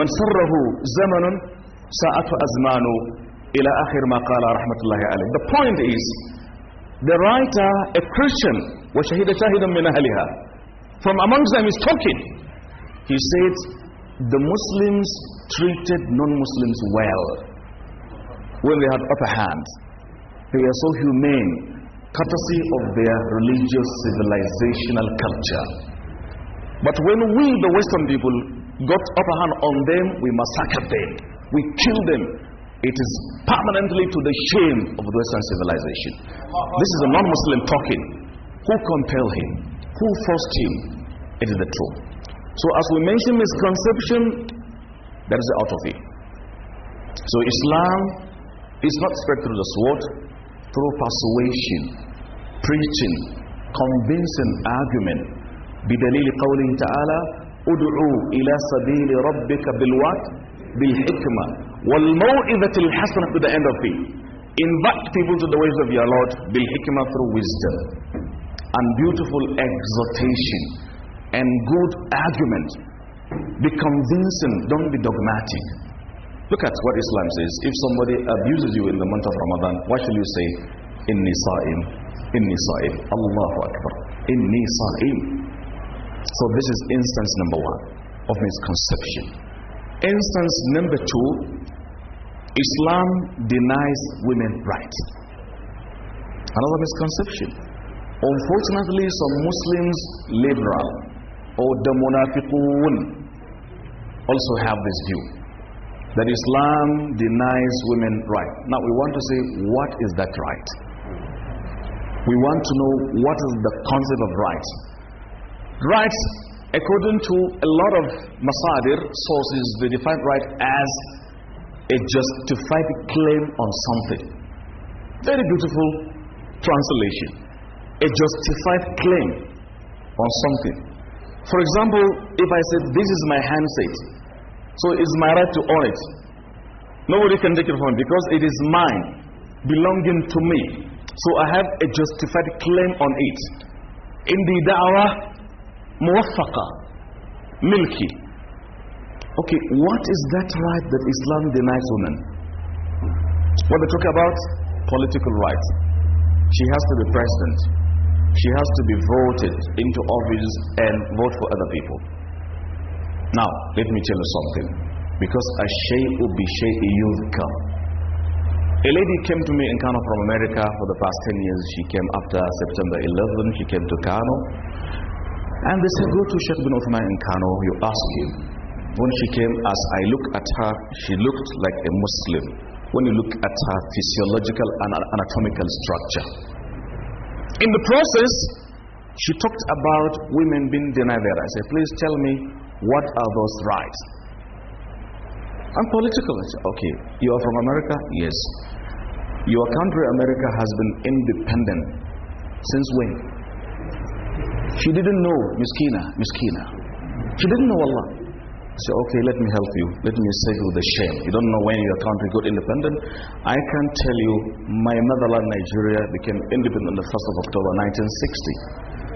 من سره زمن إلى آخر ما قال رحمة الله عليه The point is the writer a Christian وشهد شاهد من أهلها from amongst them is talking he said the Muslims treated non-Muslims well when they had upper hand they were so humane courtesy of their religious civilizational culture but when we the Western people got upper hand on them, we massacre them. We kill them. It is permanently to the shame of Western civilization. This is a non Muslim talking. Who compelled him? Who forced him? It is the truth. So, as we mentioned misconception, that is out of it. So, Islam is not spread through the sword, through persuasion, preaching, convincing argument. بدليل قوله تعالى ادعو إلى سبيل ربك بالوات بالحكمة والموئذة الحسنة to the end of it invite people to the ways of your Lord بالحكمة through wisdom and beautiful exhortation and good argument be convincing don't be dogmatic look at what Islam says if somebody abuses you in the month of Ramadan what should you say In صائم In صائم الله أكبر إني صائم so this is instance number one of misconception. Instance number two Islam denies women rights. Another misconception. Unfortunately, some Muslims, liberal or the munafiqun, also have this view that Islam denies women right. Now we want to say, what is that right? We want to know what is the concept of right. Rights, according to a lot of masadir sources, they define right as a justified claim on something. Very beautiful translation. A justified claim on something. For example, if I said, This is my handset, so it's my right to own it. Nobody can take it from me because it is mine, belonging to me. So I have a justified claim on it. In the da'wah, muwaffaqa, milki. Okay, what is that right that Islam denies women? When they talk about political rights, she has to be president. She has to be voted into office and vote for other people. Now, let me tell you something. Because a shay'u bi shay'i yudhkar. A lady came to me in Kano from America for the past 10 years. She came after September 11. She came to Kano. And they said, go to Sheikh bin Uthman in Kano, you ask him. When she came, as I look at her, she looked like a Muslim. When you look at her physiological and anatomical structure. In the process, she talked about women being denied their rights. I said, please tell me, what are those rights? I'm political. I said, okay, you are from America? Yes. Your country, America, has been independent. Since when? She didn't know, miskina, miskina. She didn't know Allah. Say, okay, let me help you. Let me save you the shame. You don't know when your country got independent. I can tell you, my motherland, Nigeria, became independent on the 1st of October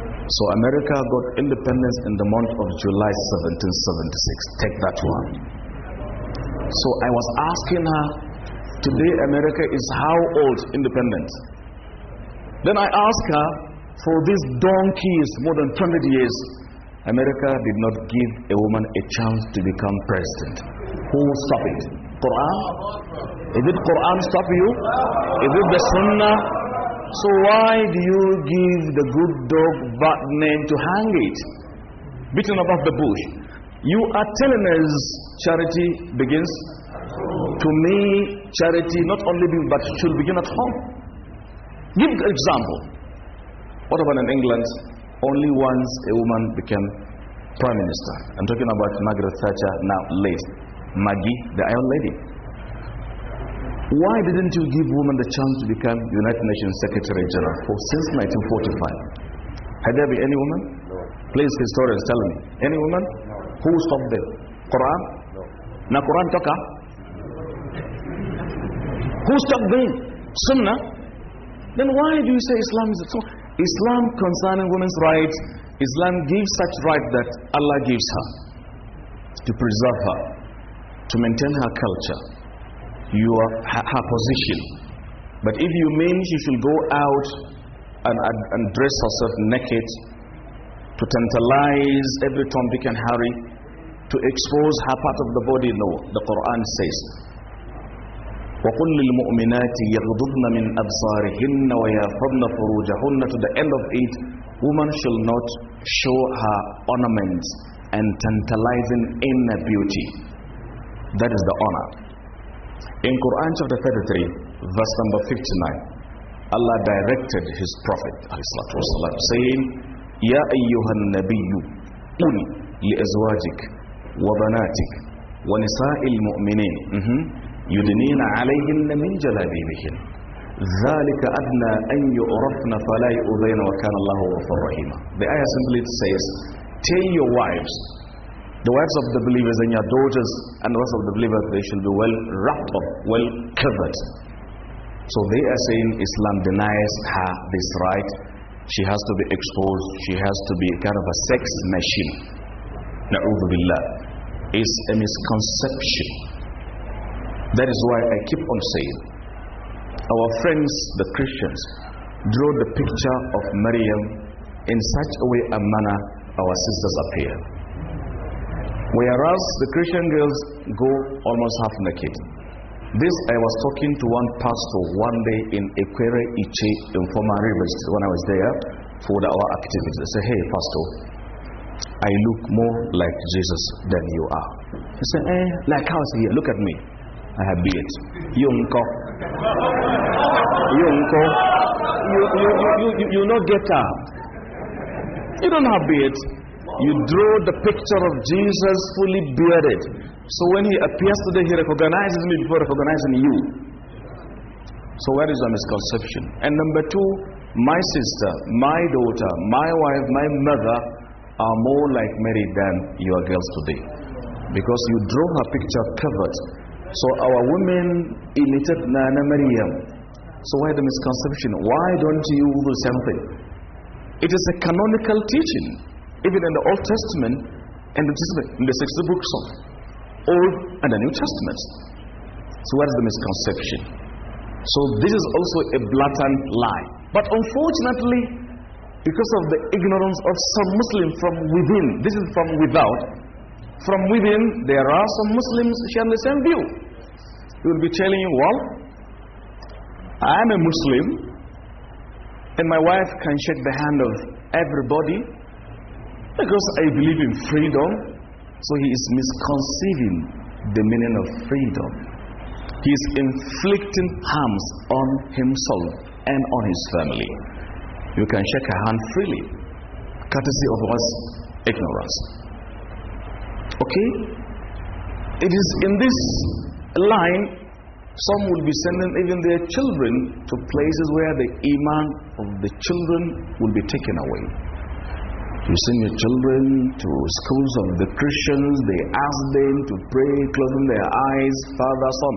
1960. So America got independence in the month of July 1776. Take that one. So I was asking her, today America is how old independent? Then I asked her, for this donkey is more than 200 years. America did not give a woman a chance to become president. Who will stop it? Quran? Is it Quran stop you? Is it the Sunnah? So why do you give the good dog bad name to hang it? Beaten above the bush. You are telling us charity begins to me, charity not only be, but should begin at home. Give example. What about in England? Only once a woman became prime minister. I'm talking about Margaret Thatcher, now late. Maggie, the Iron Lady. Why didn't you give women the chance to become United Nations Secretary General for since 1945? Had there been any woman? No. Please, historians, tell me. Any woman? No. Who stopped them? Quran? No. Na Quran toka? Who stopped them? Sunnah? Then why do you say Islam is a Islam concerning women's rights, Islam gives such right that Allah gives her to preserve her, to maintain her culture, your, her, her position. But if you mean she should go out and, and dress herself naked to tantalize every Tom, Dick, and Harry, to expose her part of the body, no, the Quran says وقل للمؤمنات يغضضن من أبصارهن ويغضضن فروجهن to the end of it woman shall not show her ornaments and tantalizing inner beauty that is the honor in Quran chapter 33 verse number 59 Allah directed his prophet والسلام, saying يا أيها النبي قل لأزواجك وبناتك ونساء المؤمنين mm -hmm. يدنين عليهن من جلابيبهن ذلك أدنى أن يعرفن فلا يؤذين وكان الله غفور رحيما The ayah simply says Tell your wives The wives of the believers and your daughters and the wives of the believers They should be well wrapped up, well covered So they are saying Islam denies her this right She has to be exposed She has to be kind of a sex machine Na'udhu billah It's a misconception that is why I keep on saying our friends, the Christians, draw the picture of Maryam in such a way and manner our sisters appear. Whereas the Christian girls go almost half naked. This I was talking to one pastor one day in Equere Ichi in former rivers when I was there for the, our activities. I said, Hey Pastor, I look more like Jesus than you are. He said, Eh, like how's here? Look at me. I have beard. Yunko. Yunko. You, you, you, you, you not get up. You don't have beard. You draw the picture of Jesus fully bearded. So when he appears today, he recognizes me before recognizing you. So where is the misconception? And number two, my sister, my daughter, my wife, my mother are more like Mary than your girls today. Because you draw her picture covered so our women imitated Nana Maryam. So why the misconception? Why don't you do something? It is a canonical teaching. Even in the Old Testament and the, in the six books of Old and the New Testament. So what is the misconception? So this is also a blatant lie. But unfortunately, because of the ignorance of some Muslims from within, this is from without, from within, there are some Muslims share the same view. He will be telling you, well, I am a Muslim, and my wife can shake the hand of everybody because I believe in freedom. So he is misconceiving the meaning of freedom. He is inflicting harms on himself and on his family. You can shake her hand freely, courtesy of us, ignorance. Okay? It is in this line, some would be sending even their children to places where the iman of the children will be taken away. You send your children to schools of the Christians, they ask them to pray, closing their eyes, father, son.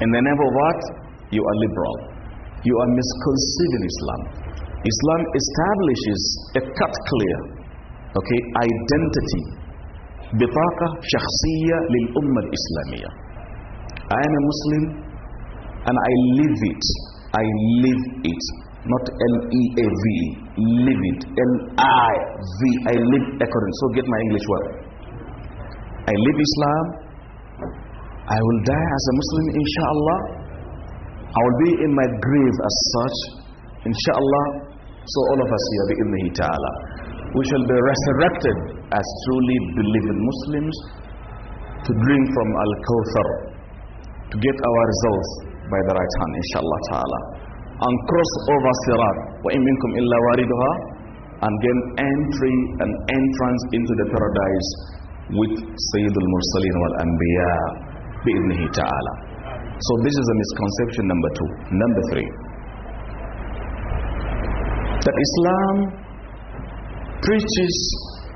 And name of what? You are liberal. You are misconceiving Islam. Islam establishes a cut clear okay identity بطاقة شخصية للأمة الإسلامية I am a Muslim and I live it I live it not L E A V. live it L-I-V I live according so get my English word I live Islam I will die as a Muslim inshallah I will be in my grave as such inshallah so all of us here بإذنه تعالى we shall be resurrected as truly believing Muslims to drink from Al-Kawthar to get our results by the right hand inshallah ta'ala and cross over Sirat wa minkum illa and gain entry and entrance into the paradise with Sayyidul Mursaleen wal Anbiya bi'idnihi ta'ala so this is a misconception number two number three that Islam preaches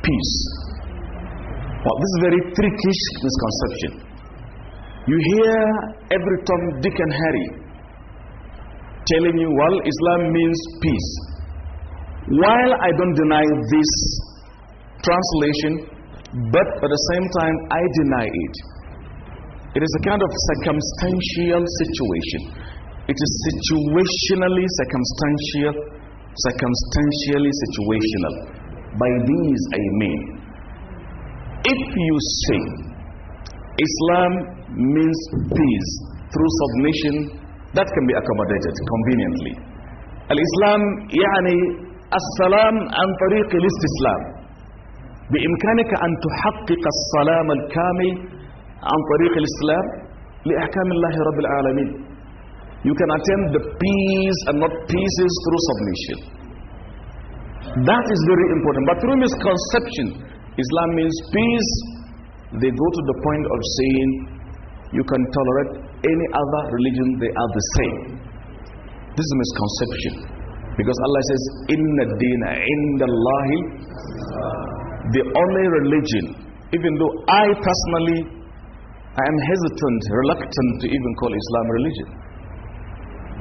peace. Well, this is very trickish misconception. You hear every Tom, Dick, and Harry telling you, well, Islam means peace. While I don't deny this translation, but at the same time, I deny it. It is a kind of circumstantial situation. It is situationally circumstantial, circumstantially situational. By these I mean, if you say Islam means peace through submission, that can be accommodated conveniently. Al-Islam yani as-salam an tariq al الاستسلام بإمكانك أن تحقق السلام الكامل عن طريق الإسلام لأحكام الله رب العالمين. You can attain the peace and not pieces through submission. That is very important. But through misconception, Islam means peace. They go to the point of saying you can tolerate any other religion, they are the same. This is a misconception. Because Allah says, Inna dina indallahi. The only religion, even though I personally I am hesitant, reluctant to even call Islam religion.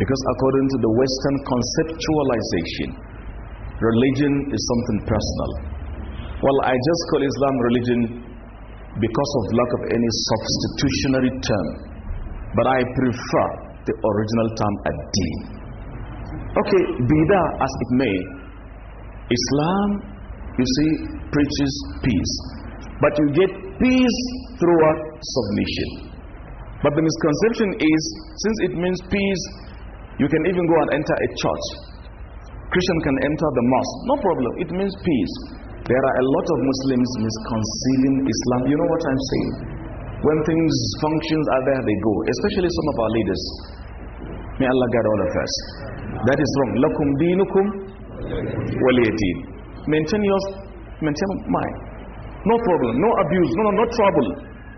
Because according to the Western conceptualization, religion is something personal. Well, I just call Islam religion because of lack of any substitutionary term. But I prefer the original term Adi. deen. Okay, be that as it may, Islam, you see, preaches peace. But you get peace through Submission. But the misconception is since it means peace, you can even go and enter a church Christian can enter the mosque. No problem. It means peace. There are a lot of Muslims misconceiving Islam. You know what I'm saying? When things, functions are there, they go. Especially some of our leaders. May Allah guide all of us. That is wrong. Lakum dinukum waliyadin. Maintain yours, maintain mine. No problem, no abuse, no, no, no trouble.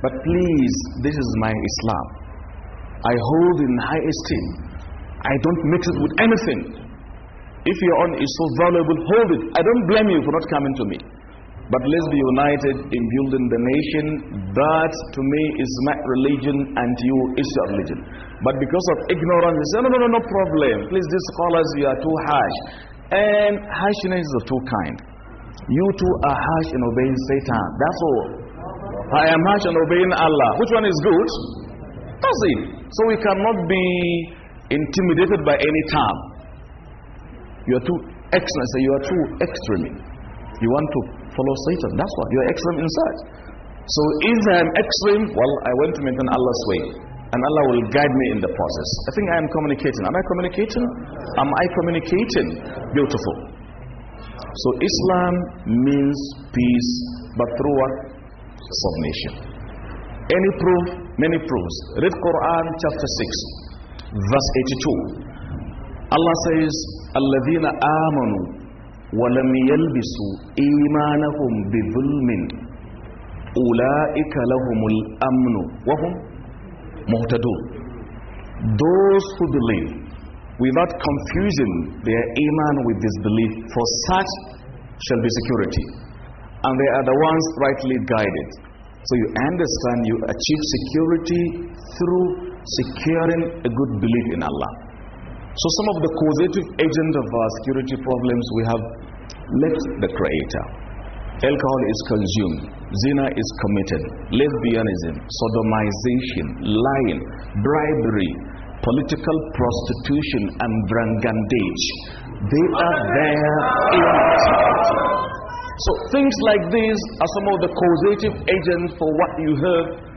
But please, this is my Islam. I hold in high esteem. I don't mix it with anything. If your own is so valuable, hold it. I don't blame you for not coming to me. But let's be united in building the nation. That to me is my religion and you is your religion. But because of ignorance, they say, no, no, no, no problem. Please, these scholars, you are too harsh. And harshness is of two kinds. You two are harsh in obeying Satan. That's all. I am harsh in obeying Allah. Which one is good? does it. So we cannot be intimidated by any time. You are too excellent. So you are too extreme. You want to follow Satan. That's why. You are extreme inside. So if I am extreme, well, I want to maintain Allah's way. And Allah will guide me in the process. I think I am communicating. Am I communicating? Am I communicating? Beautiful. So Islam means peace, but through what? Submission. Any proof? Many proofs. Read Quran chapter 6, verse 82. Allah says, Alladina amanu walam yalbisu imanahum bidhulmin ulaika lahumul amnu wahum muhtadu Those who believe without confusing their iman with disbelief, for such shall be security. And they are the ones rightly guided. So you understand you achieve security through securing a good belief in Allah. So some of the causative agent of our security problems we have left the creator. Alcohol is consumed, zina is committed, lesbianism, sodomization, lying, bribery, political prostitution and brangandage. They are there in So things like these are some of the causative agents for what you have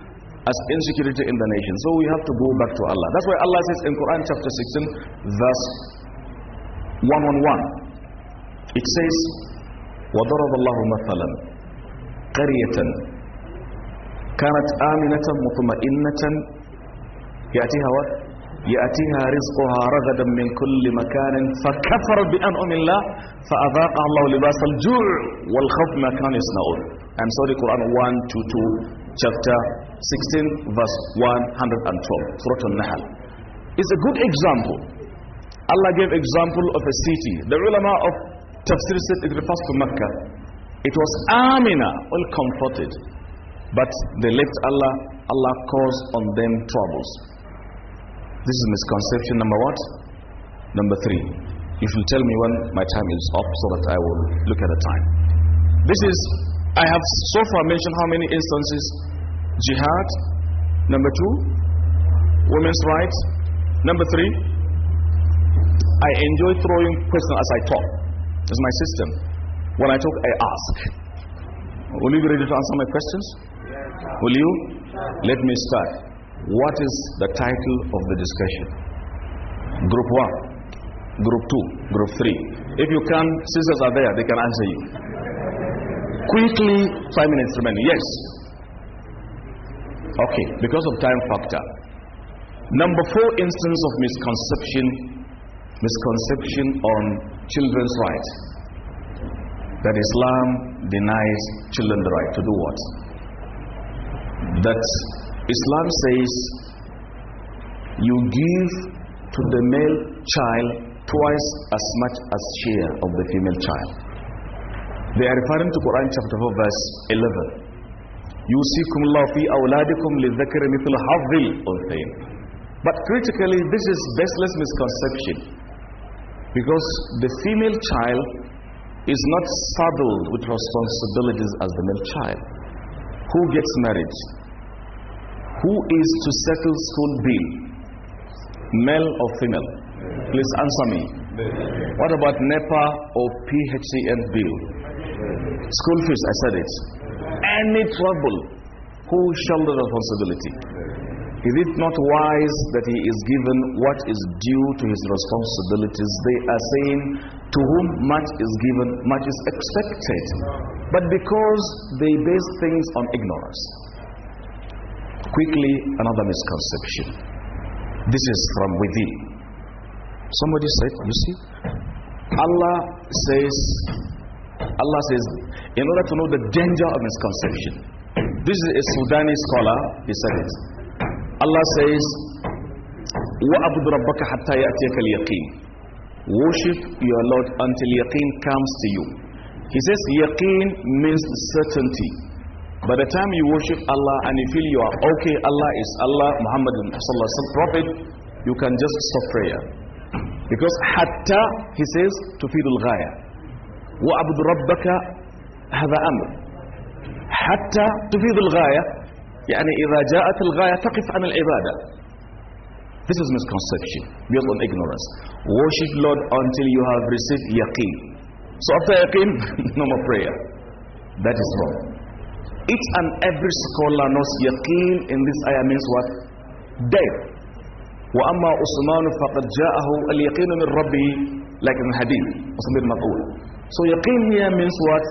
as insecurity in the nation. So we have to go back to Allah. That's why Allah says in Quran chapter 16, verse 111, it says, وَضَرَبَ اللَّهُ مَثَلًا قَرْيَةً كانت آمنة مطمئنة يأتيها what? يأتيها رزقها رغدا من كل مكان فكفر بأنعم الله اللَّهِ الله لباس الجوع والخوف ما كانوا يصنعون I'm sorry Quran 1 chapter 16, verse 112, Surah Al-Nahl. It's a good example. Allah gave example of a city. The ulama of Tafsir said it refers to Mecca. It was Amina, well comforted. But they left Allah, Allah caused on them troubles. This is misconception number what? Number three. If you tell me when my time is up so that I will look at the time. This is, I have so far mentioned how many instances jihad. Number two, women's rights. Number three, I enjoy throwing questions as I talk. That's my system. When I talk, I ask. Will you be ready to answer my questions? Will you? Let me start. What is the title of the discussion? Group one, group two, group three. If you can, sisters are there, they can answer you. Quickly, five minutes remaining. Yes. Okay, because of time factor. Number four instance of misconception misconception on children's rights. That Islam denies children the right to do what? That Islam says you give to the male child twice as much as share of the female child. They are referring to Quran chapter 4 verse 11. يوصيكم الله في أولادكم للذكر مثل حظ الأنثيين But critically, this is baseless misconception because the female child is not saddled with responsibilities as the male child. Who gets married? Who is to settle school bill? Male or female? Please answer me. What about NEPA or PHCN bill? School fees, I said it any trouble, who shoulder the responsibility? Is it not wise that he is given what is due to his responsibilities? They are saying, to whom much is given, much is expected. But because they base things on ignorance. Quickly, another misconception. This is from within. Somebody said, you see, Allah says Allah says, in order to know the danger of misconception. This is a Sudanese scholar, he said it. Allah says, وَأَبُدْ رَبَّكَ حَتَّى يَأْتِيَكَ الْيَقِينَ Worship your Lord until yaqeen comes to you. He says yaqeen means certainty. By the time you worship Allah and you feel you are okay, Allah is Allah, Muhammad is Prophet, you can just stop prayer. Because hatta, he says, to feed واعبد ربك هذا أمر حتى تفيد الغاية يعني إذا جاءت الغاية تقف عن العبادة This is misconception built on ignorance. Worship Lord until you have received yaqeen. So after yaqeen, no more prayer. That is wrong. Each and every scholar knows yaqeen in this ayah means what? Death. وأما أسمان فقد جاءه اليقين من ربه like in the hadith. So yaqeen here means what?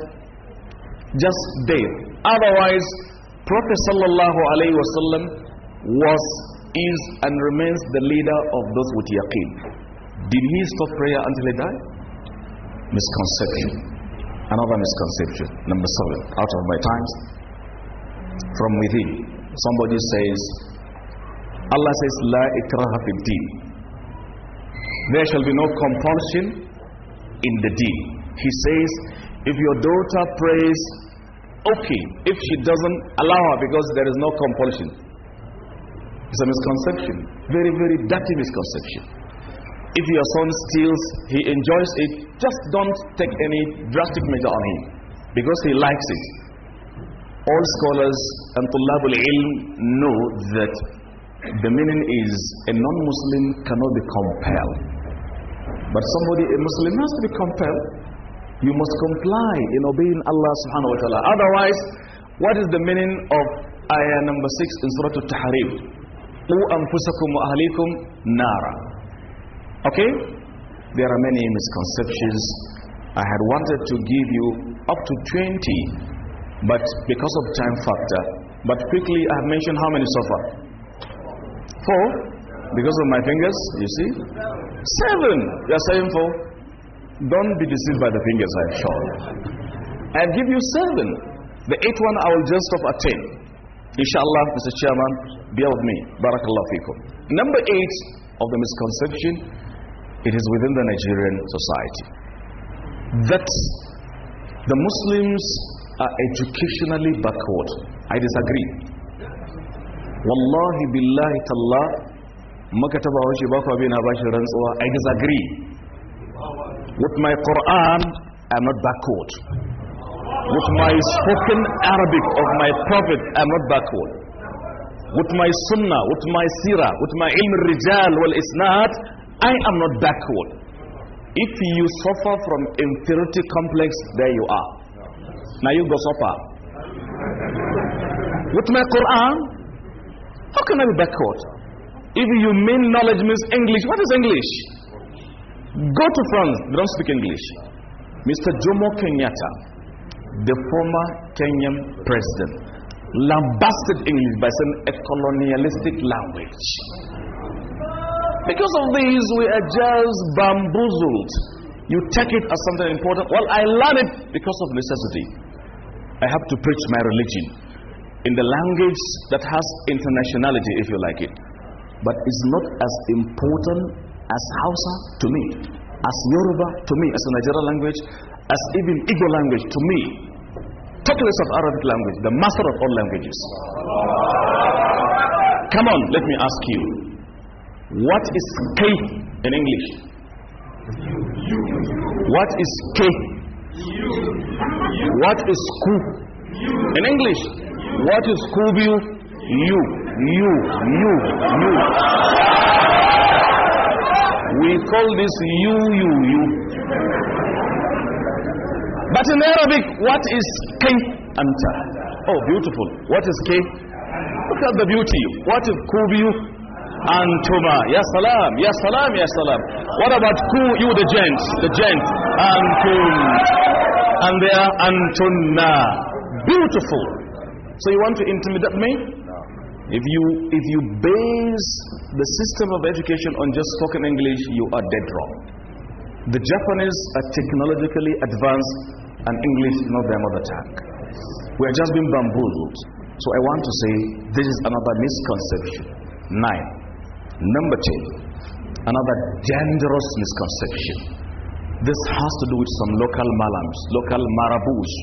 Just there. Otherwise, Prophet sallallahu alaihi wasallam was, is, and remains the leader of those with yaqeen. Did he stop prayer until he died? Misconception. Another misconception. Number seven. Out of my times. From within. Somebody says, Allah says, La ikraha fid deen. There shall be no compulsion in the deen. He says, if your daughter prays, okay. If she doesn't, allow her because there is no compulsion. It's a misconception. Very, very dirty misconception. If your son steals, he enjoys it, just don't take any drastic measure on him because he likes it. All scholars and Tulabul Ilm know that the meaning is a non Muslim cannot be compelled. But somebody, a Muslim, has to be compelled. You must comply in obeying Allah subhanahu wa ta'ala. Otherwise, what is the meaning of ayah number 6 in Surah Al-Tahrim? Okay? There are many misconceptions. I had wanted to give you up to 20, but because of time factor. But quickly, I have mentioned how many so far? Four. Because of my fingers, you see? Seven. You are saying four. Don't be deceived by the fingers I have shown. i give you seven. The eighth one I will just of attain. Inshallah, Mr. Chairman, bear with me. Barakallah fikum. Number eight of the misconception, it is within the Nigerian society. That the Muslims are educationally backward. I disagree. Wallahi billahi tallah, makataba wa shi baku abin abashin rantsuwa. I disagree. With my Quran, I'm not backward. With my spoken Arabic of my Prophet, I'm not backward. With my Sunnah, with my Sirah, with my Ilm Rijal wal not. I am not backward. If you suffer from inferiority complex, there you are. Now you go suffer. With my Quran, how can I be backward? If you mean knowledge means English, what is English? Go to France. They don't speak English. Mr. Jomo Kenyatta, the former Kenyan president, lambasted English by saying a colonialistic language. Because of these, we are just bamboozled. You take it as something important. Well, I learned it because of necessity. I have to preach my religion in the language that has internationality, if you like it. But it's not as important as Hausa to me, as Yoruba to me, as a Nigerian language, as even Igbo language to me. Talkless of Arabic language, the master of all languages. Come on, let me ask you. What is K in English? What is K? What is Ku? In English, what is Kubu? You, you, you, you. We call this you, you, you. But in Arabic, what is and Anta. Oh, beautiful. What is K? Look at the beauty. What is kubiyu? Antuma. Yes, salam, Yes, salam, Yes, salam. What about ku, you, the gents, The gents. Antum. And they are antunna. Beautiful. So you want to intimidate me? If you, if you base the system of education on just spoken English, you are dead wrong. The Japanese are technologically advanced and English is not their mother tongue. We are just being bamboozled. So I want to say this is another misconception. Nine. Number ten, another dangerous misconception. This has to do with some local malams, local marabouts.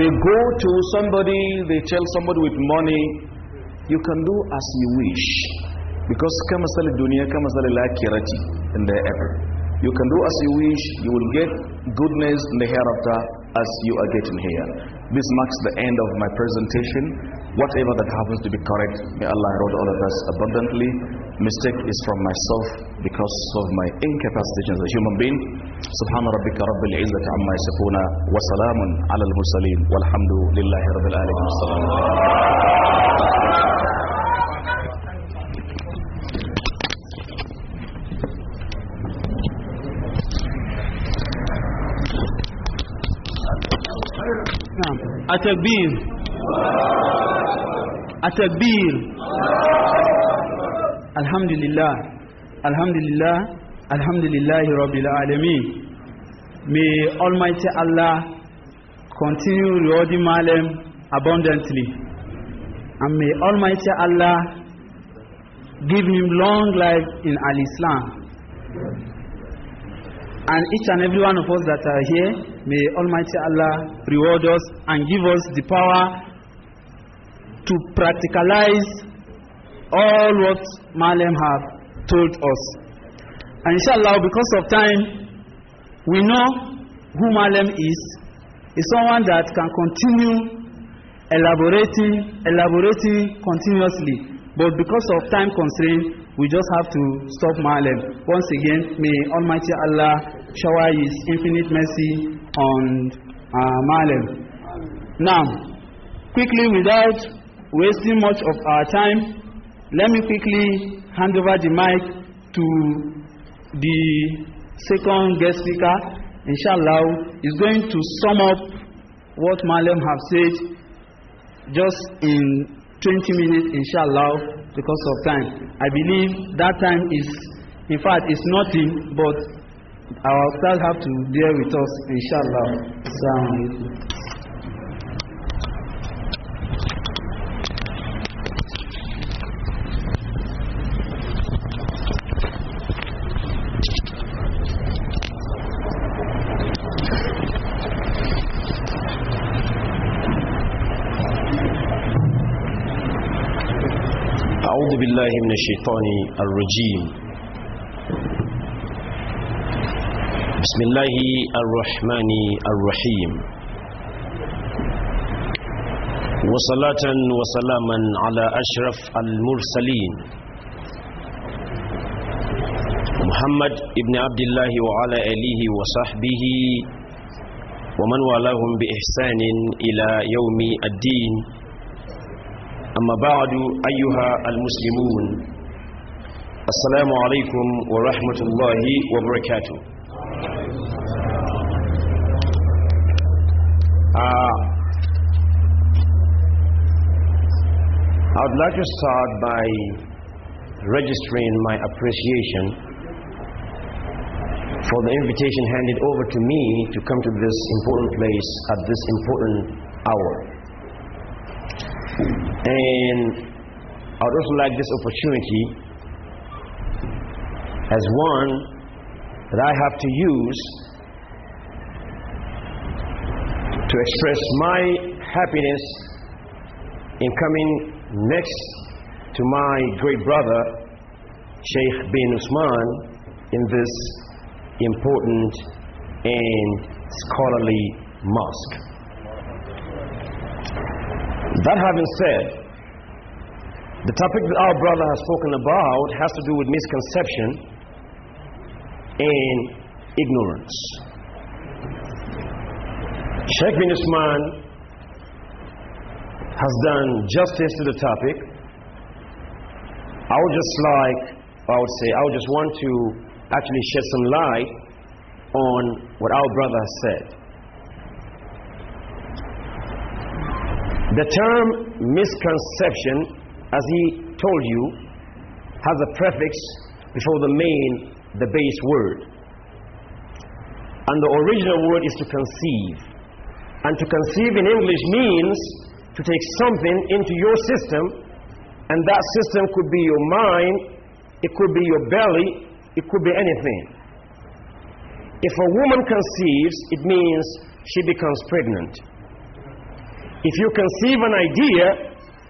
They go to somebody, they tell somebody with money, you can do as you wish because kamasal dunya kamasal lakirati in the ever. you can do as you wish you will get goodness in the hereafter as you are getting here this marks the end of my presentation whatever that happens to be correct may Allah reward all of us abundantly mistake is from myself because of my incapacity as a human being سبحان ربك رب العزة عما يصفون وسلام على المرسلين والحمد لله رب العالمين السلام عليكم التكبير التكبير Alhamdulillah, Alhamdulillah, Alhamdulillah, لله الحمد may almighty Allah continue rewarding Malem abundantly and may almighty Allah give him long life in al-Islam And each and every one of us that are here, may Almighty Allah reward us and give us the power to practicalize all what Malem have told us. And inshallah, because of time, we know who Malem is. Is someone that can continue elaborating, elaborating continuously. But because of time constraint, We just have to stop Malam. Once again, may Almighty Allah shower His infinite mercy on uh, Malam. Now, quickly, without wasting much of our time, let me quickly hand over the mic to the second guest speaker. Inshallah, is going to sum up what Malam have said just in 20 minutes, inshallah because of time. I believe that time is, in fact, it's nothing, but our staff have to deal with us, inshallah. So, بالله من الشيطان الرجيم بسم الله الرحمن الرحيم وصلاة وسلاما على أشرف المرسلين محمد ابن عبد الله وعلى آله وصحبه ومن والاهم بإحسان إلى يوم الدين أما بعد أيها المسلمون السلام عليكم ورحمة الله وبركاته uh, I'd like to start by registering my appreciation for the invitation handed over to me to come to this important place at this important hour. And I'd also like this opportunity as one that I have to use to express my happiness in coming next to my great brother, Sheikh bin Usman, in this important and scholarly mosque. That having said, the topic that our brother has spoken about has to do with misconception and ignorance. Sheikh bin Usman has done justice to the topic. I would just like, I would say, I would just want to actually shed some light on what our brother has said. The term misconception, as he told you, has a prefix before the main, the base word. And the original word is to conceive. And to conceive in English means to take something into your system, and that system could be your mind, it could be your belly, it could be anything. If a woman conceives, it means she becomes pregnant. If you conceive an idea,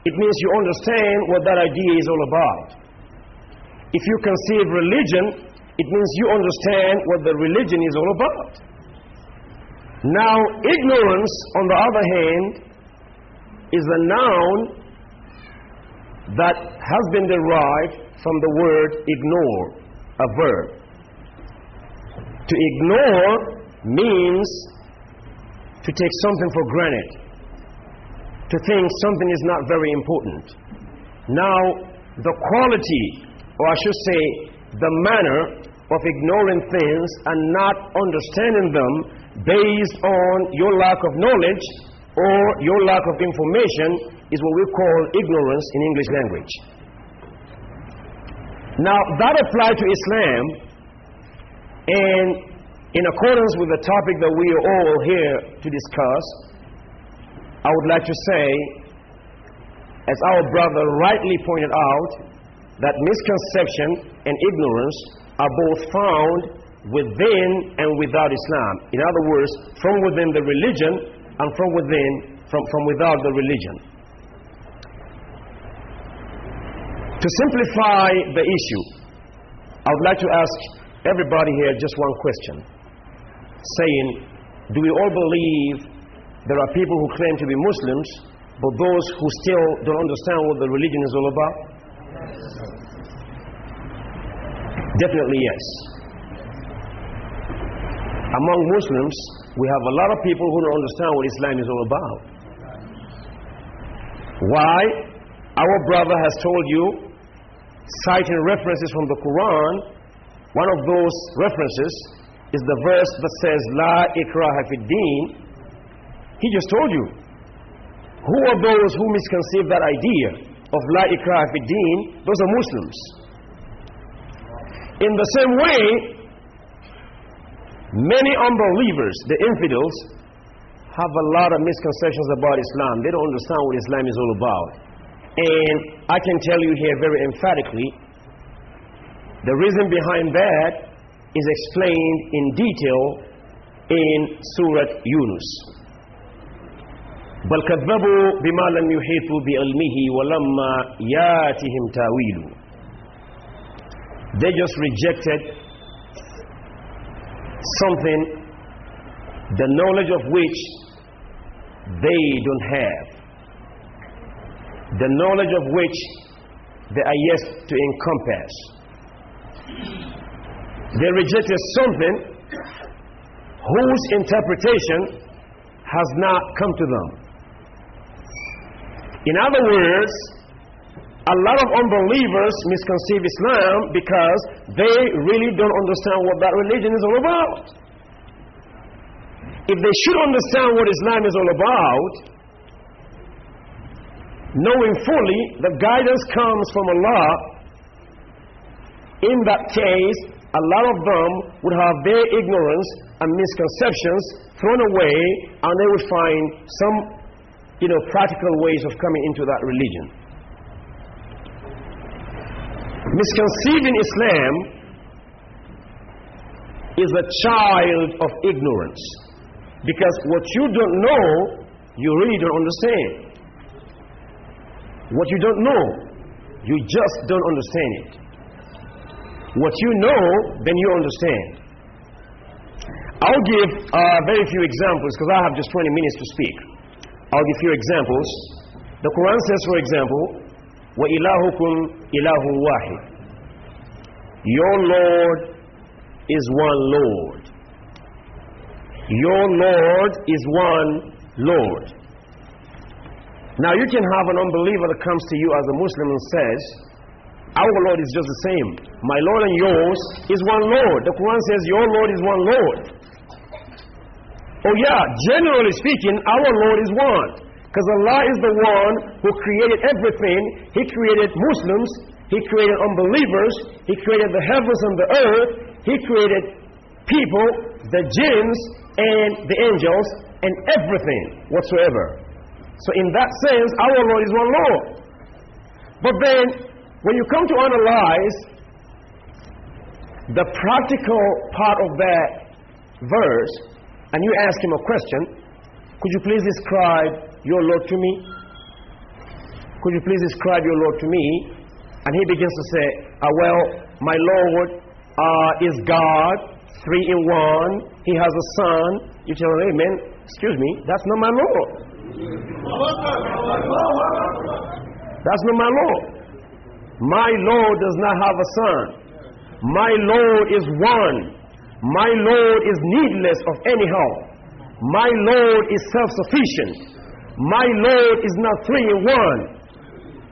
it means you understand what that idea is all about. If you conceive religion, it means you understand what the religion is all about. Now, ignorance, on the other hand, is a noun that has been derived from the word ignore, a verb. To ignore means to take something for granted to think something is not very important. Now, the quality, or I should say, the manner of ignoring things and not understanding them based on your lack of knowledge or your lack of information is what we call ignorance in English language. Now, that applies to Islam, and in accordance with the topic that we are all here to discuss, I would like to say, as our brother rightly pointed out, that misconception and ignorance are both found within and without Islam. In other words, from within the religion and from within, from, from without the religion. To simplify the issue, I would like to ask everybody here just one question saying, do we all believe there are people who claim to be Muslims, but those who still don't understand what the religion is all about? Definitely yes. Among Muslims, we have a lot of people who don't understand what Islam is all about. Why? Our brother has told you, citing references from the Quran, one of those references is the verse that says, La ikraha fi din, he just told you. Who are those who misconceive that idea of La Ikrah fi Those are Muslims. In the same way, many unbelievers, the infidels, have a lot of misconceptions about Islam. They don't understand what Islam is all about. And I can tell you here very emphatically the reason behind that is explained in detail in Surah Yunus. بل كذبوا بما لم يحيطوا بعلمه ولما ياتهم تاويل they just rejected something the knowledge of which they don't have the knowledge of which they are yet to encompass they rejected something whose interpretation has not come to them in other words, a lot of unbelievers misconceive Islam because they really don't understand what that religion is all about. If they should understand what Islam is all about, knowing fully that guidance comes from Allah, in that case, a lot of them would have their ignorance and misconceptions thrown away, and they would find some you know, practical ways of coming into that religion. Misconceiving Islam is a child of ignorance. Because what you don't know, you really don't understand. What you don't know, you just don't understand it. What you know, then you understand. I'll give uh, very few examples because I have just 20 minutes to speak. I'll give you examples. The Quran says, for example, ilahukum ilahu وَاحِدٌ Your Lord is one Lord. Your Lord is one Lord. Now you can have an unbeliever that comes to you as a Muslim and says, our Lord is just the same. My Lord and yours is one Lord. The Quran says your Lord is one Lord. Oh, yeah, generally speaking, our Lord is one. Because Allah is the one who created everything. He created Muslims, He created unbelievers, He created the heavens and the earth, He created people, the jinns, and the angels, and everything whatsoever. So, in that sense, our Lord is one Lord. But then, when you come to analyze the practical part of that verse, and you ask him a question, could you please describe your Lord to me? Could you please describe your Lord to me? And he begins to say, ah, well, my Lord uh, is God, three in one. He has a son. You tell him, amen. Excuse me, that's not my Lord. That's not my Lord. My Lord does not have a son. My Lord is one. My Lord is needless of any help. My Lord is self sufficient. My Lord is not three in one.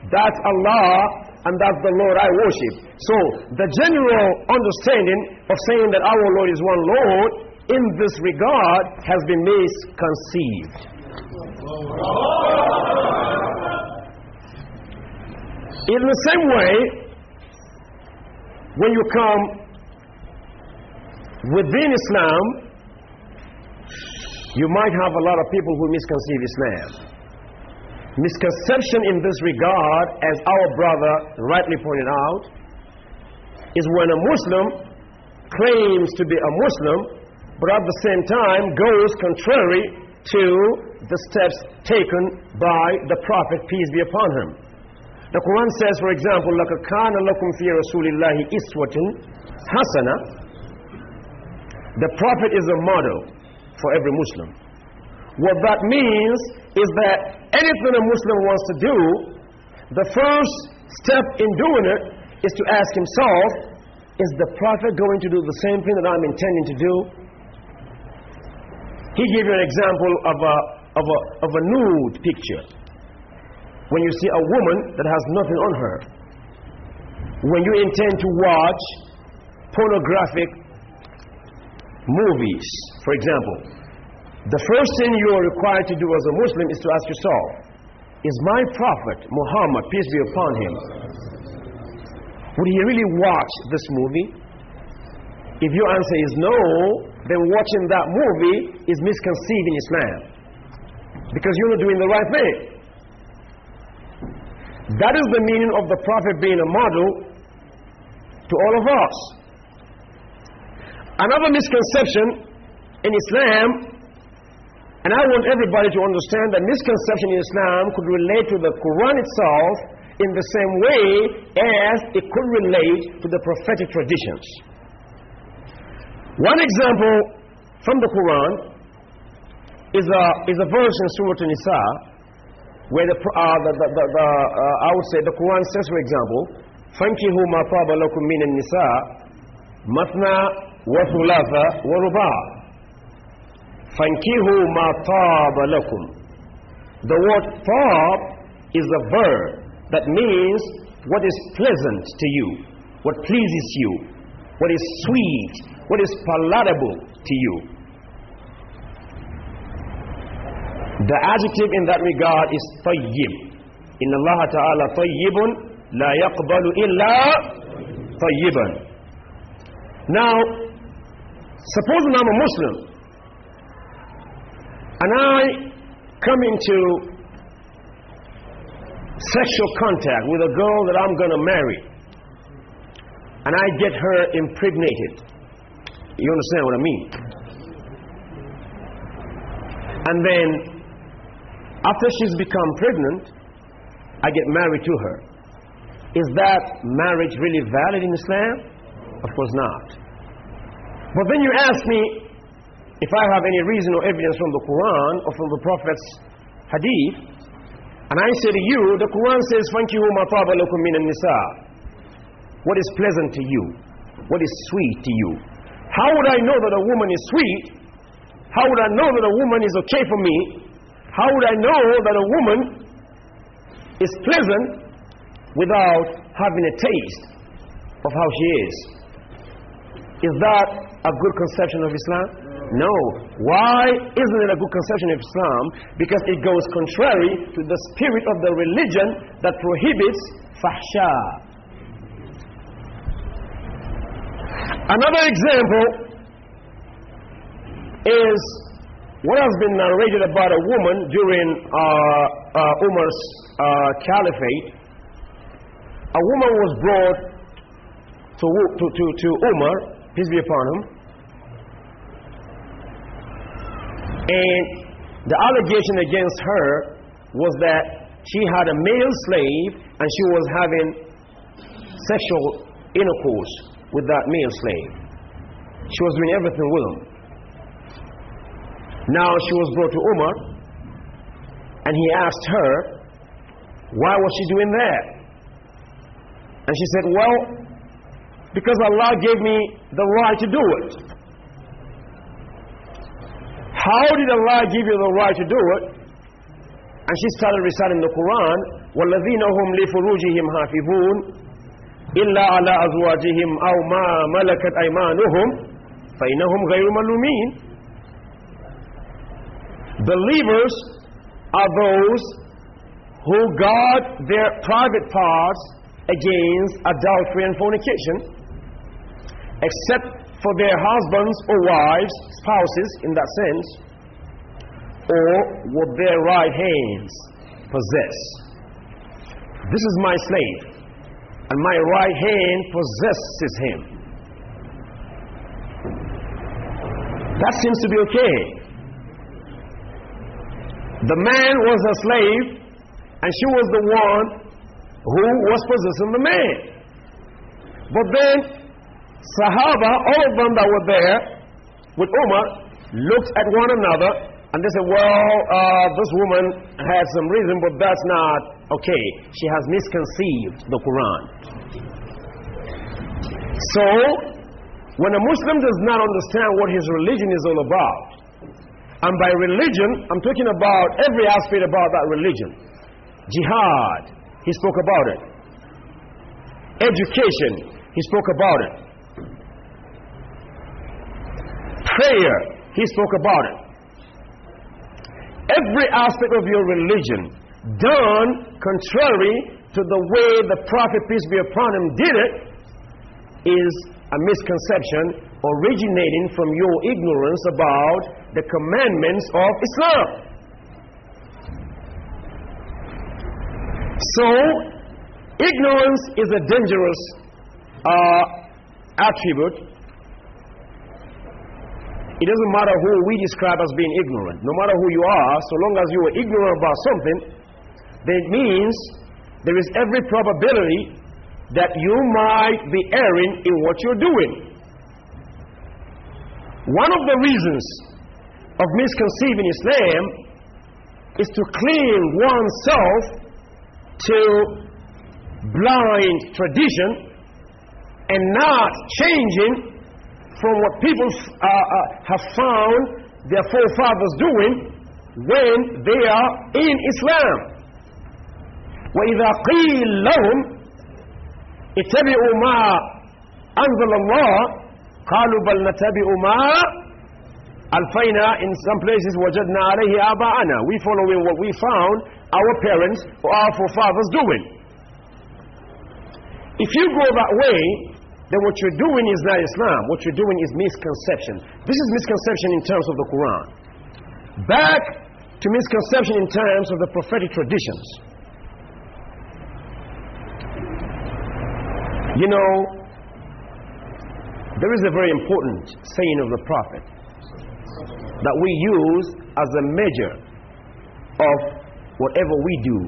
That's Allah and that's the Lord I worship. So the general understanding of saying that our Lord is one Lord in this regard has been misconceived. In the same way, when you come within Islam, you might have a lot of people who misconceive Islam. Misconception in this regard, as our brother rightly pointed out, is when a Muslim claims to be a Muslim, but at the same time goes contrary to the steps taken by the Prophet, peace be upon him. The Quran says, for example, لَكَ كَانَ لَكُمْ فِي رَسُولِ اللَّهِ إِسْوَةٍ حَسَنَةٍ the Prophet is a model for every Muslim. What that means is that anything a Muslim wants to do, the first step in doing it is to ask himself, is the Prophet going to do the same thing that I'm intending to do? He gave you an example of a, of a, of a nude picture. When you see a woman that has nothing on her, when you intend to watch pornographic movies, for example, the first thing you are required to do as a Muslim is to ask yourself, is my Prophet Muhammad, peace be upon him, would he really watch this movie? If your answer is no, then watching that movie is misconceiving Islam. Because you're not doing the right thing. That is the meaning of the Prophet being a model to all of us. Another misconception in Islam, and I want everybody to understand that misconception in Islam could relate to the Quran itself in the same way as it could relate to the prophetic traditions. One example from the Quran is a, is a verse in Surah Nisa where the, uh, the, the, the, the uh, I would say the Quran says, for example, فَانْكِهُ مَا طَابَ لَكُم مِّنَ النِّسَاءِ مَثْنَا وثلاثة ورباع فانكهوا ما طاب لكم The word طاب is a verb that means what is pleasant to you, what pleases you, what is sweet, what is palatable to you. The adjective in that regard is طيب. In الله تعالى طيب لا يقبل إلا طيبا. Now, Suppose I'm a Muslim and I come into sexual contact with a girl that I'm going to marry and I get her impregnated. You understand what I mean? And then after she's become pregnant, I get married to her. Is that marriage really valid in Islam? Of course not. But then you ask me if I have any reason or evidence from the Quran or from the Prophet's hadith, and I say to you, the Quran says, فَانْكِهُ مَا طَابَ لَكُم مِّنَ النِّسَاءِ What is pleasant to you? What is sweet to you? How would I know that a woman is sweet? How would I know that a woman is okay for me? How would I know that a woman is pleasant without having a taste of how she is? Is that a good conception of Islam? No. Why isn't it a good conception of Islam? Because it goes contrary to the spirit of the religion that prohibits fahsha. Another example is what has been narrated about a woman during uh, uh, Umar's uh, caliphate. A woman was brought to, to, to, to Umar peace be upon him. And the allegation against her was that she had a male slave and she was having sexual intercourse with that male slave. She was doing everything with him. Now she was brought to Umar and he asked her, Why was she doing that? And she said, Well, because Allah gave me the right to do it. How did Allah give you the right to do it? And she started reciting the Quran, وَالَّذِينَ هُمْ لِفُرُوجِهِمْ حَافِظُونَ إِلَّا عَلَىٰ أَزْوَاجِهِمْ أَوْ مَا مَلَكَتْ أَيْمَانُهُمْ فَإِنَّهُمْ غَيْرُ مَلُومِينَ Believers are those who guard their private parts against adultery and fornication except for their husbands or wives, spouses in that sense, or what their right hands possess. This is my slave, and my right hand possesses him. That seems to be okay. The man was a slave, and she was the one who was possessing the man. But then Sahaba, all of them that were there with Umar, looked at one another and they said, Well, uh, this woman had some reason, but that's not okay. She has misconceived the Quran. So, when a Muslim does not understand what his religion is all about, and by religion, I'm talking about every aspect about that religion. Jihad, he spoke about it. Education, he spoke about it. prayer, he spoke about it. Every aspect of your religion done contrary to the way the prophet, peace be upon him, did it, is a misconception originating from your ignorance about the commandments of Islam. So, ignorance is a dangerous uh, attribute it doesn't matter who we describe as being ignorant. No matter who you are, so long as you are ignorant about something, then it means there is every probability that you might be erring in what you're doing. One of the reasons of misconceiving Islam is to cling oneself to blind tradition and not changing from what people uh, uh, have found their forefathers doing when they are in Islam. وَإِذَا قِيلَ لَهُمْ اتَّبِعُوا مَا أَنزَلَ اللَّهِ قَالُوا بَلْ نَتَّبِعُ مَا أَلْفَيْنَا In some places, وَجَدْنَا عَلَيْهِ آبَاءَنَا We following what we found our parents or our forefathers doing. If you go that way, that what you're doing is not Islam. What you're doing is misconception. This is misconception in terms of the Quran. Back to misconception in terms of the prophetic traditions. You know, there is a very important saying of the Prophet that we use as a measure of whatever we do.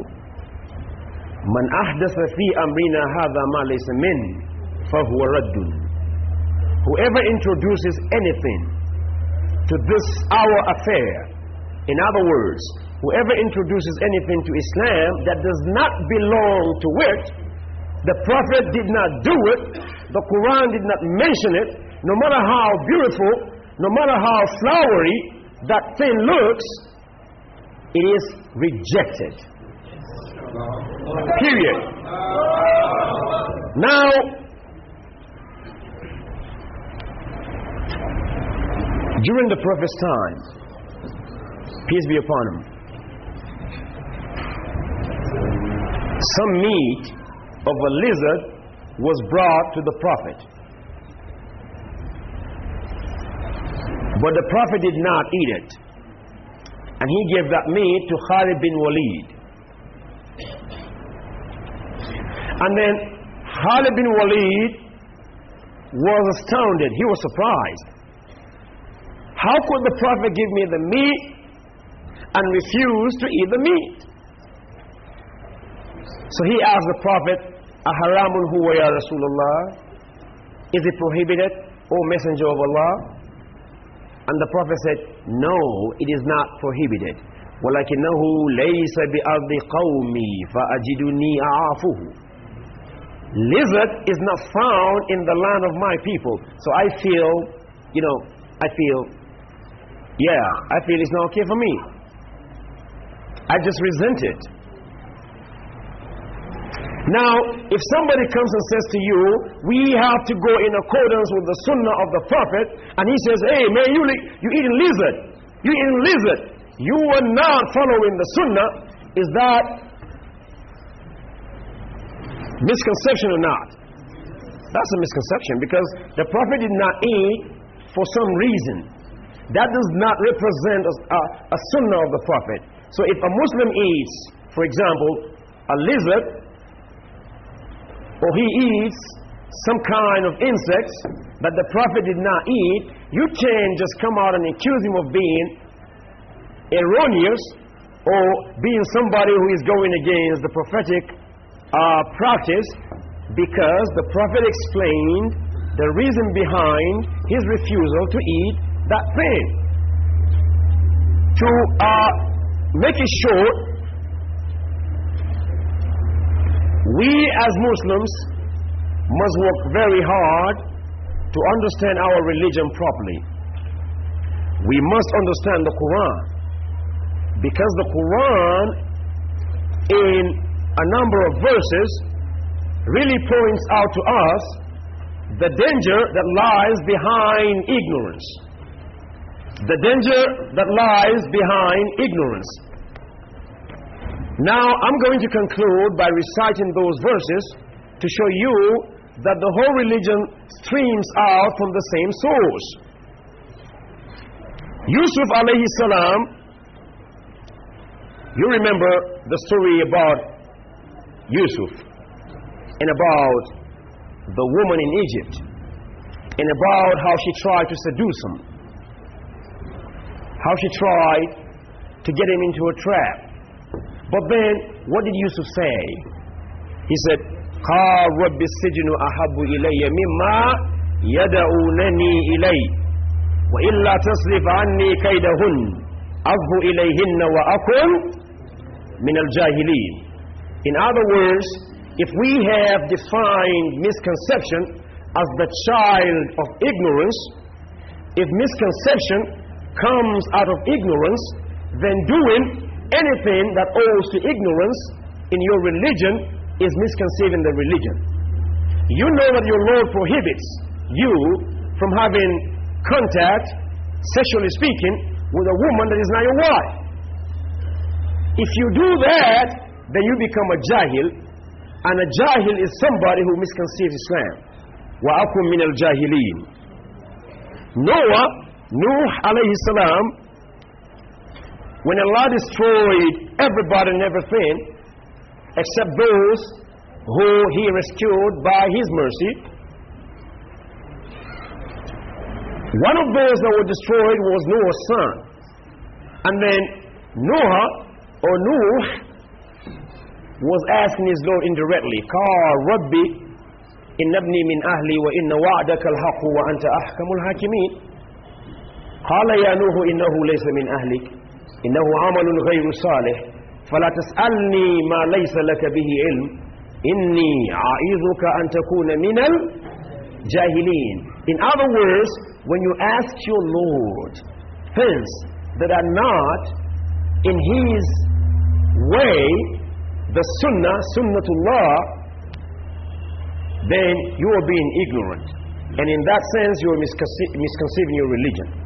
Man ahdatha fi amrina hadha ma min فَهُوَ رَدٌّ Whoever introduces anything to this our affair, in other words, whoever introduces anything to Islam that does not belong to it, the Prophet did not do it, the Quran did not mention it, no matter how beautiful, no matter how flowery that thing looks, it is rejected. Period. Now, during the Prophet's time, peace be upon him, some meat of a lizard was brought to the Prophet. But the Prophet did not eat it. And he gave that meat to Khalid bin Walid. And then Khalid bin Walid was astounded. He was surprised. How could the prophet give me the meat and refuse to eat the meat? So he asked the prophet, Aharamun huwa ya Rasulullah? Is it prohibited, O Messenger of Allah? And the prophet said, No, it is not prohibited. وَلَكِنَّهُ لَيْسَ بِأَرْضِ قَوْمِي فَأَجِدُنِي أَعَافُهُ Lizard is not found in the land of my people. So I feel, you know, I feel yeah, I feel it's not okay for me. I just resent it. Now, if somebody comes and says to you, we have to go in accordance with the sunnah of the Prophet, and he says, hey man, you, you eating lizard, you eating lizard, you are not following the sunnah, is that misconception or not? That's a misconception because the Prophet did not eat for some reason. That does not represent a, a, a sunnah of the Prophet. So if a Muslim eats, for example, a lizard, or he eats some kind of insects that the Prophet did not eat, you can just come out and accuse him of being erroneous or being somebody who is going against the prophetic uh, practice because the Prophet explained the reason behind his refusal to eat that pray to uh, make it we as Muslims must work very hard to understand our religion properly we must understand the Quran because the Quran in a number of verses really points out to us the danger that lies behind ignorance the danger that lies behind ignorance. Now, I'm going to conclude by reciting those verses to show you that the whole religion streams out from the same source. Yusuf alayhi salam, you remember the story about Yusuf and about the woman in Egypt and about how she tried to seduce him how she tried to get him into a trap. But then, what did Yusuf say? He said, Rabbi قال رب Ilay أحب إلي مما يدعونني إليه وإلا تصرف عني كيدهن أَفْهُ إِلَيْهِنَّ min al-Jahili." In other words, if we have defined misconception as the child of ignorance, if misconception comes out of ignorance then doing anything that owes to ignorance in your religion is misconceiving the religion. You know that your Lord prohibits you from having contact, sexually speaking, with a woman that is not your wife. If you do that, then you become a jahil, and a jahil is somebody who misconceives Islam. min al الْجَاهِلِينَ Noah Nuh alayhi salam, when Allah destroyed everybody and everything, except those who He rescued by His mercy, one of those that were destroyed was Noah's son. And then Noah, or Nuh, was asking his Lord indirectly, Car Rabbi, innabni min ahli wa inna wa'daka al wa anta ahkamul hakimin. قال يا نوح إنه ليس من أهلك إنه عمل غير صالح فلا تسألني ما ليس لك به علم إني أن تكون من الجاهلين In other words, when you ask your Lord things that are not in His way, the Sunnah, Sunnatullah, then you are being ignorant. And in that sense, you are misconceiving your religion.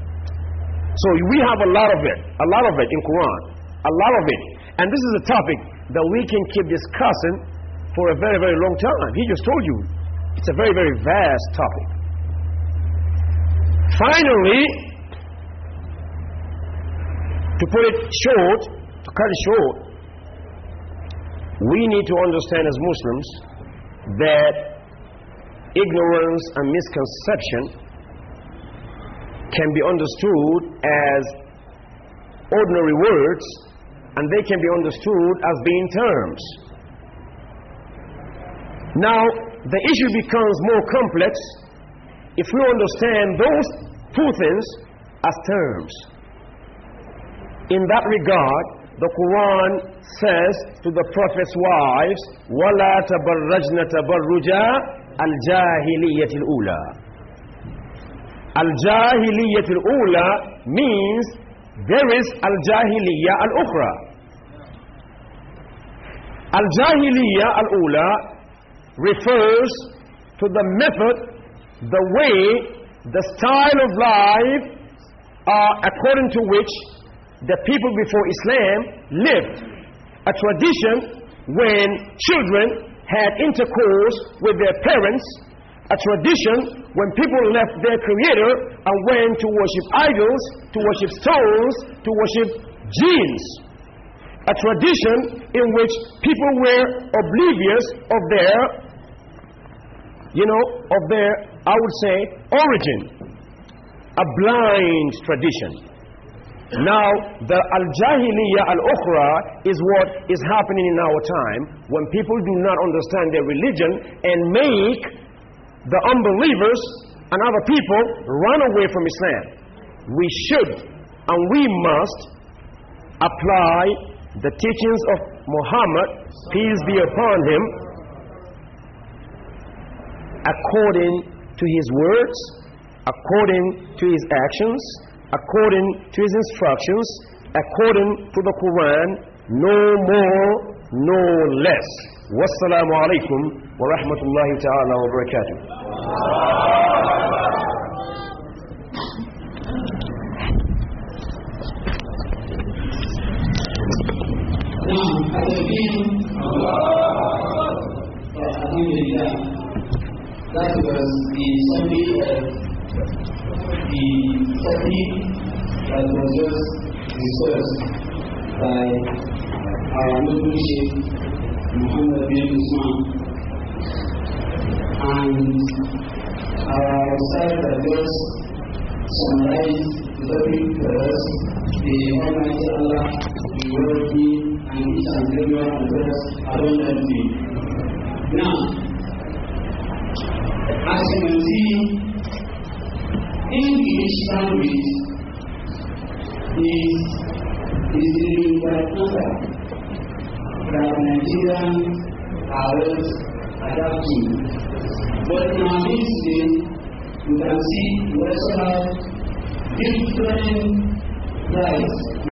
So we have a lot of it, a lot of it in Quran, a lot of it. And this is a topic that we can keep discussing for a very, very long time. He just told you it's a very, very vast topic. Finally, to put it short, to cut it short, we need to understand as Muslims that ignorance and misconception can be understood as ordinary words and they can be understood as being terms. Now, the issue becomes more complex if we understand those two things as terms. In that regard, the Quran says to the Prophet's wives, وَلَا تَبَرَّجْنَ تَبَرُّجَا الْجَاهِلِيَّةِ الْأُولَىٰ Al-Jahiliyyah al-Ula means there is Al-Jahiliyyah al-Ukhra. Al-Jahiliyyah al-Ula refers to the method, the way, the style of life uh, according to which the people before Islam lived. A tradition when children had intercourse with their parents a tradition when people left their creator and went to worship idols, to worship stones, to worship genes. A tradition in which people were oblivious of their, you know, of their, I would say, origin. A blind tradition. Now, the Al Jahiliyyah Al Ukhra is what is happening in our time when people do not understand their religion and make the unbelievers and other people run away from Islam. We should and we must apply the teachings of Muhammad, peace be upon him, according to his words, according to his actions, according to his instructions, according to the Quran, no more, no less. Wassalamu alaikum ورحمة الله تعالى وبركاته That was the summary of the technique that was just discussed by our noble Sheikh Muhammad bin Usman and I site that just summarize the topic for the Almighty Allah, the worthy, and each and every one of us abundantly. Now, as you can see, English language is is the vernacular that Nigerians are adapting but now this day, you can see you different rights.